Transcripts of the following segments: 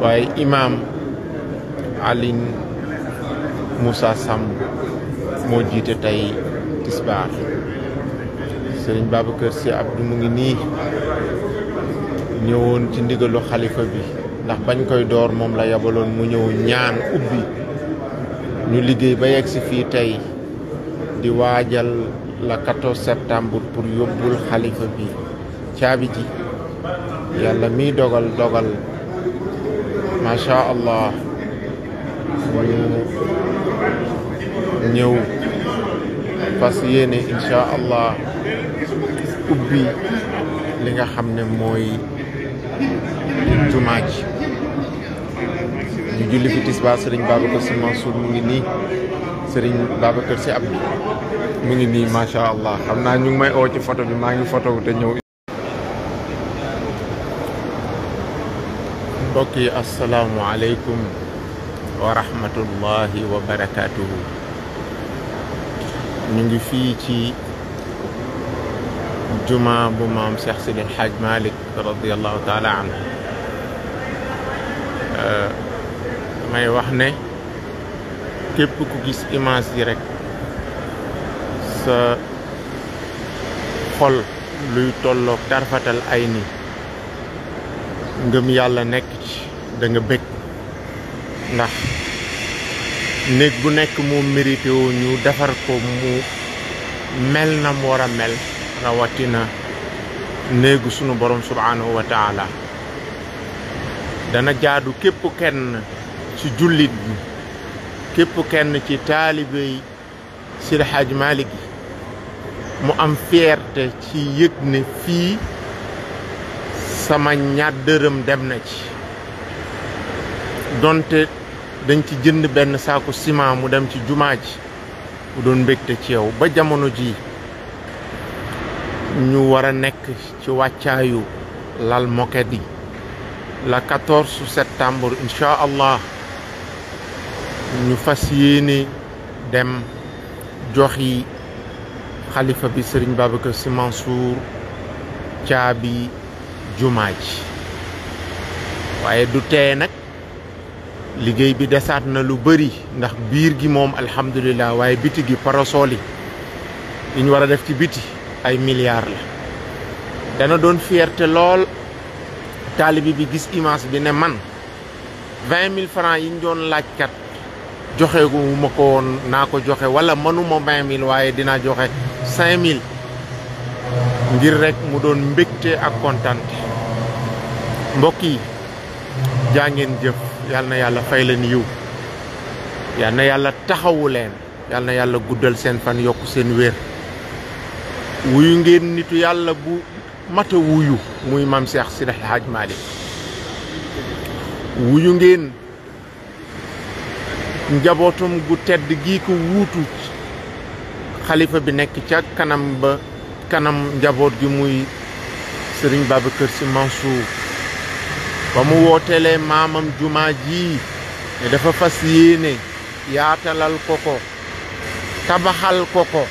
waaye imaam Aline Moussa Samb moo jiite tey tisbaar sëriñ Babacar Sy Abdou mu ngi nii ñëwoon ci ndigalu xalifa bi ndax bañ koy door moom la yabaloon mu ñëw ñaan ubbi ñu liggéey ba yegg si fii tey di waajal la 14 septembre pour yóbbul xalifa bi caabi ji yàlla miy dogal dogal Masya allah ñu ñëw fas yéene insha allah Ubi, li nga xam ne mooy jumaa ji ñu julli fi tisbaa sëriñ babacar si mansour mu ngi nii sëriñ babacar si abdi mu ngi nii masha allah xam naa ñu ngi may oo ci photo bi maa ngi photo te ñëw mbokk yi asalaamualeykum wa rahmatullahi wa barakaatuhu ñu ngi fii ci juma bu maam Cheikh Sidi El Hadj Malick radiallahu taala anhu may wax ne képp ku gis image yi rek sa xol luy tolloog tarfatal ay nii ngëm yàlla nekk ci da nga ndax néeg bu nekk mu mérité ñu defar ko mu mel na mu war a mel rawatina néegu sunu borom subhanahu wa taala dana jaadu képp kenn ci jullit bi képp kenn ci taalibe yi Seydi Hadji mu am fierté ci yëg ne fii sama ñaar dërëm dem na ci doonte dañ ci jënd benn saaku siman mu dem ci jumaa ji mu doon mbégte ci yow ba jamono ji ñu war a nekk ci wàccaayu lal moket yi la 14 septembre incha allah ñu fas yéene dem joxi xalifa bi sëriñ Babacar Sy Mansour caabi jumaa waaye du tee nag liggéey bi desaat na lu bari ndax biir gi moom alhamdulilah waaye biti gi parasol yi war a def ci biti ay milliards la dana doon fierté lool taalibi bi gis image bi ne man vingt mille francs yi doon laajkat joxe gu ko woon naa ko joxe wala mënuma vingt mille waaye dinaa joxe cinq ngir rekk mu doon mbégte ak kontante mbokk yi jaa ngeen jëf yal na yàlla fay leen yiw yal na yàlla taxawu leen yal yàlla guddal seen fan yokk seen wér wuyu ngeen nitu yàlla bu mata wuyu muy maam Cheikh Sidi El Hadj wuyu ngeen njabootum gu tedd gii ko wuutu xalifa bi nekk ca kanam ba kanam njabot gi muy sering Babacar ci Mansour ba mu wootelee maamam jumaa ji ne dafa fas yene yaatalal ko koko tabaxal koko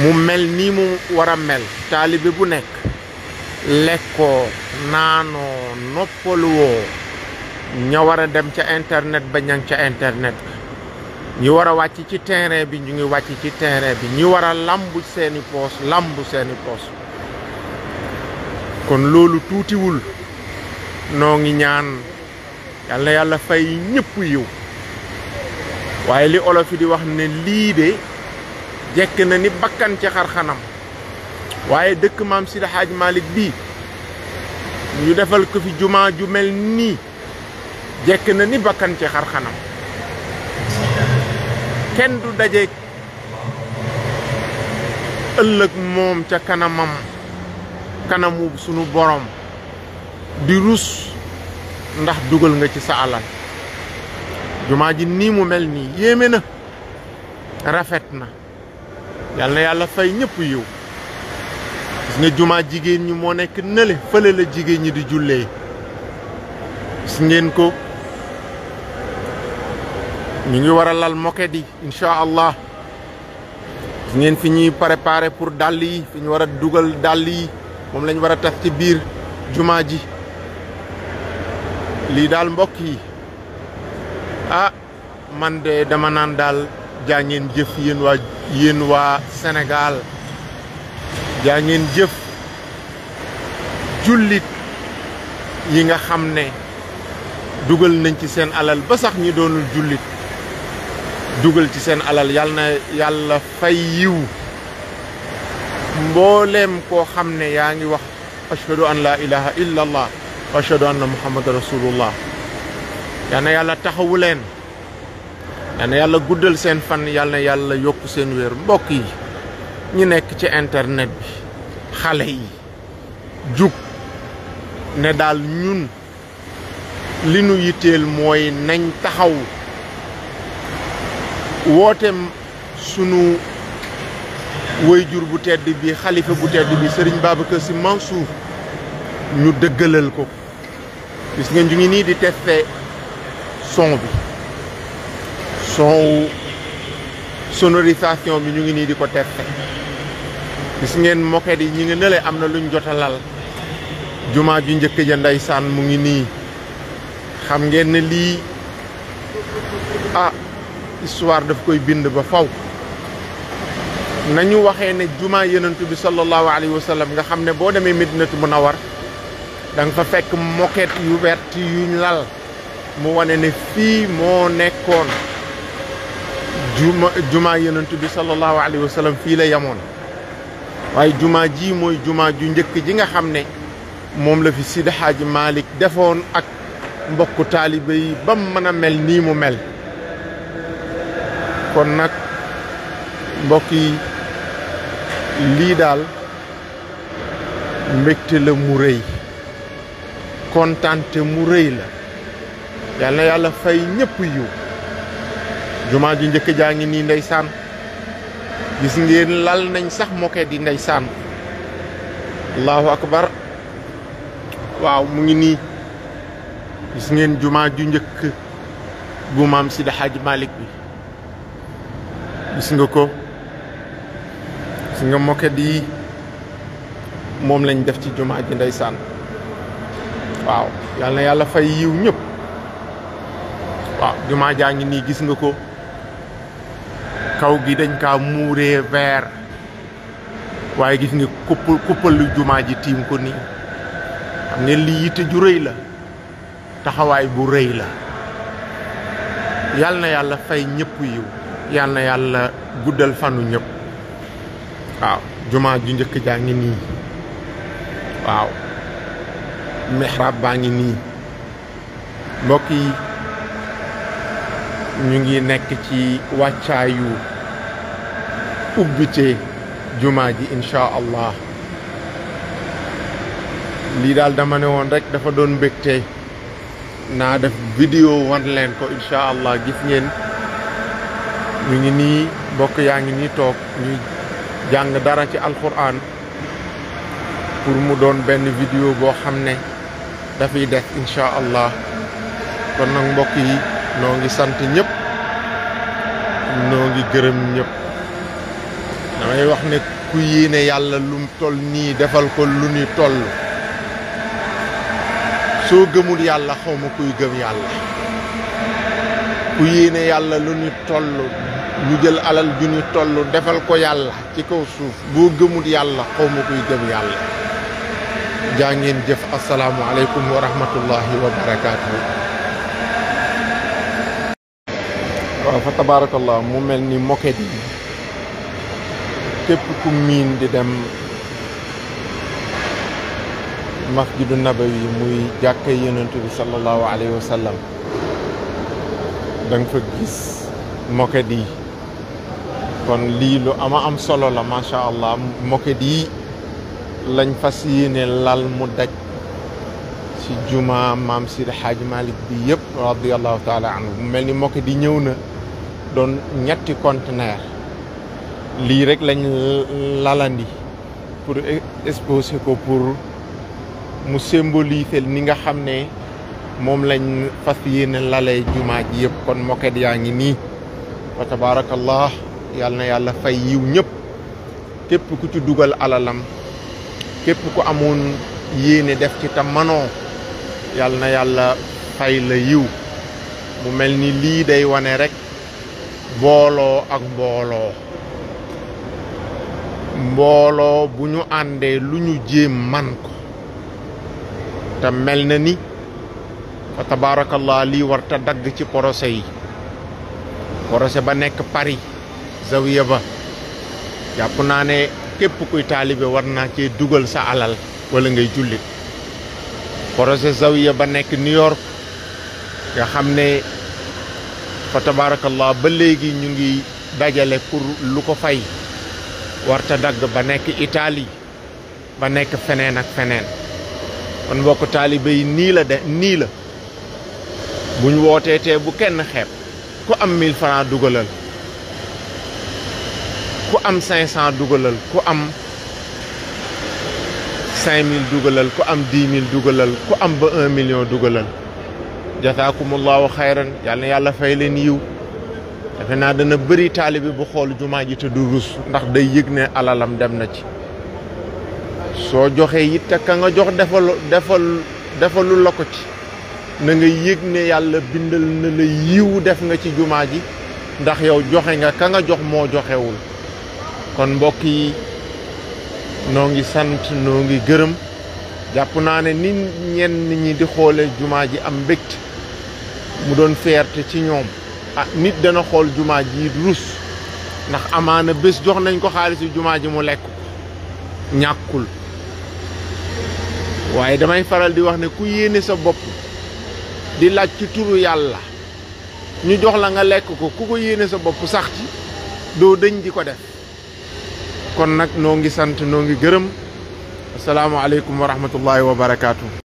mu mel ni mu wara mel taalibe bu nek lekko nano noppolu wo ñawara dem ci internet ba ñang ci internet ñu wara wacc ci terrain bi ñu ngi wacc ci terrain bi ñu wara a lamb seeni pos lamb seeni pos kon tuti wul no ngi ñaan yalla yalla fay ñepp yu waye li olof di wax ne li de jek na ni bakkan ci xarxanam waye dekk mam sida haj malik bi ñu defal ko fi juma ju mel ni jek na ni bakkan ci xarxanam kenn du dajeeg mom mom, ca kanamam kanamu sunu borom di rus ndax duggal nga ci sa alal juma ji ni mu mel yéme ya na rafet na yalla yalla fay ñëpp yu gis nga juma jigéen ñu mo nekk nële la ñi di gis ngeen ko ñi ngi war lal moket di incha allah ngeen fi ñi préparer pour dali fi ñu wara a dali mom lañ wara a ci bir ji mbokk yi ah man de dama nan dal jaa jëf yeen wa yeen wa Sénégal jaa jëf julit yi nga dugal nañ ci sen alal ba sax ñi doonul julit dugal ci seen alal yal na yàlla fay yiw mbooleem koo xam ne yaa ngi wax ashhadu an laa ilaha illa allah wa ashhadu anna muhammad rasulullah yal na yàlla taxawu leen yal na yàlla guddal seen fan yal na yàlla yokk seen wér mbokk yi ñi nekk ci internet bi xale yi jug ne daal ñun li nu yitteel mooy nañ taxaw wootem sunu wayjur bu tedd bi khalifa bu tedd bi serigne Babacar si Mansour ñu deggelal ko gis ngeen ñu ngi ni di teste son bi son sonorisation bi ñu ngi ni di ko teste gis ngeen moket yi ñi nga neele amna luñu jotalal juma ju ñeuk ja ndaysan mu ngi ni xam ngeen ne li ah histoire daf koy bind ba faw nañu waxee ne jumaa yenentu bi sallallahu alayhi wa nga xam ne boo demee Medinatu Munawwar da nga fa fekk moquette yu wert yuñ lal mu wane ne fii moo nekkoon juma jumaa yenentu bi sallallahu alayhi wa sallam fii la yamoon waaye jumaa ji jumaa ju njëkk ji nga xam ne moom la fi Sidi Hadji defoon ak mbokku taalibe yi ba mu mën a mel nii mu mel kon nak mbokk yi li dal mbekté le mu reuy kontante mu reuy la yalla yalla fay ñepp yu juma ji ñëk jaangi ni ndaysan gis ngeen lal nañ sax moké di ndaysan allahu akbar waaw mu ngi ni gis ngeen juma ju ñëk gu maam Sidi bi gis nga ko gis nga moket yi moom lañ def ci jumaa ji ndeysaan waaw yal na yàlla fay yiw ñëpp waaw jumaa jaa ngi nii gis nga ko kaw gi dañ kaa muuree vert waaye gis nga kupp kuppalu jumaa ji tiim ko nii xam ne lii yitte ju rëy la taxawaay bu rëy la yal na yàlla fay ñëpp yiw yal yàlla guddal fanu ñëpp waaw jumaa ju njëkk jaa ngi nii waaw mihrab baa ngi nii mbokk yi ñu ngi nekk ci wàccaayu ubbite jumaa ji incha allah lii daal dama ne woon rek dafa doon mbégte naa def vidéo wan leen ko incha allah gis ngeen mi ngi ni mbokk yaa ngi nii toog ñu jàng dara ci alquran pour mu doon benn vidéo boo xam ne dafay def insha allah kon nag mbokk yi noo ngi sant ñëpp noo ngi gërëm ñëpp damay wax ne ku yéene yàlla lum toll nii defal ko lu ni toll soo gëmul yàlla xaw ma kuy gëm yàlla ku yéene yàlla lu ni toll ñu jël alal ju ñu tollu defal ko yalla ci kaw suuf bo gëmul yalla xaw kuy gëm yàlla jaa ngeen jëf wa rahmatullahi wa barakatuh fa tabarakallah mu melni moket yi kep ku min di dem masjidu nabawi muy jàkka yonentu bi sallallahu alayhi wa sallam fa gis moket yi kon li lu ama am solo la sha allah moke di lañ fasiyene lal mu daj ci juma mam sir Hadj malik bi yëpp radiallahu taala anhu melni moke di moket yi na ñetti conteneur li rek lañ lalandi pour exposer ko pour mu symboliser ni nga xamne mom lañ fasiyene lalay juma ji yeb kon moke di yaangi ni wa tabarakallah yalna na yàlla fay yiw ñep kep ku ci dugal alalam kep ku amon yene def ci ta manoo yàlla na yàlla fay la yiw mu melni li day wone rek bolo ak bolo mbolo buñu ande luñu jëm man ko ta melna ni wa tabaarakallah lii ta ci porosé yi porosé ba nek Paris zawiya ba jàpp naa ne képp kuy taalibe war naa cee dugal sa alal walla ngay jullit projet zawiya ba nekk New nga xam ne fa tabaarakallah ba léegi ñu ngi dajale pour lu ko fay warta dagg ba nekk Italie ba nekk feneen ak feneen kon mbokk taalibe yi nii la de nii la buñ wootee tee bu kenn xeeb ku am 1000 francs dugalal ku am 500 dugalal ku am 5000 dugalal ku am 10000 dugalal ku am ba 1 million dugalal jazaakumullahu xayran yal na yàlla fay leen yiw defe naa dana bëri taalibe bu xool jumaa ji te du rus ndax day yëg ne alalam dem na ci soo joxee it te ka nga jox defal defal defalul la ko ci na nga yëg ne yàlla bindal na la yiw def nga ci jumaa ji ndax yow joxe nga ka nga jox moo joxewul kon mbokk yi noo ngi sant noo ngi gërëm jàpp naa ne ni ñenn ñi di xoole jumaa ji am mbégt mu doon fierté ci ñoom ah nit dana xool jumaa ji rus ndax amaana bés jox nañ ko xaalisu jumaa ji mu lekk ñàkkul waaye damay faral di wax ne ku yéene sa bopp di laaj ci turu yàlla ñu jox la nga lekk ko ku ko yéene sa bopp sax ci doo dëñ di ko def kon nag noo ngi sant noo ngi gërëm asalaamaaleykum wa rahmatullahi wa barakaatu.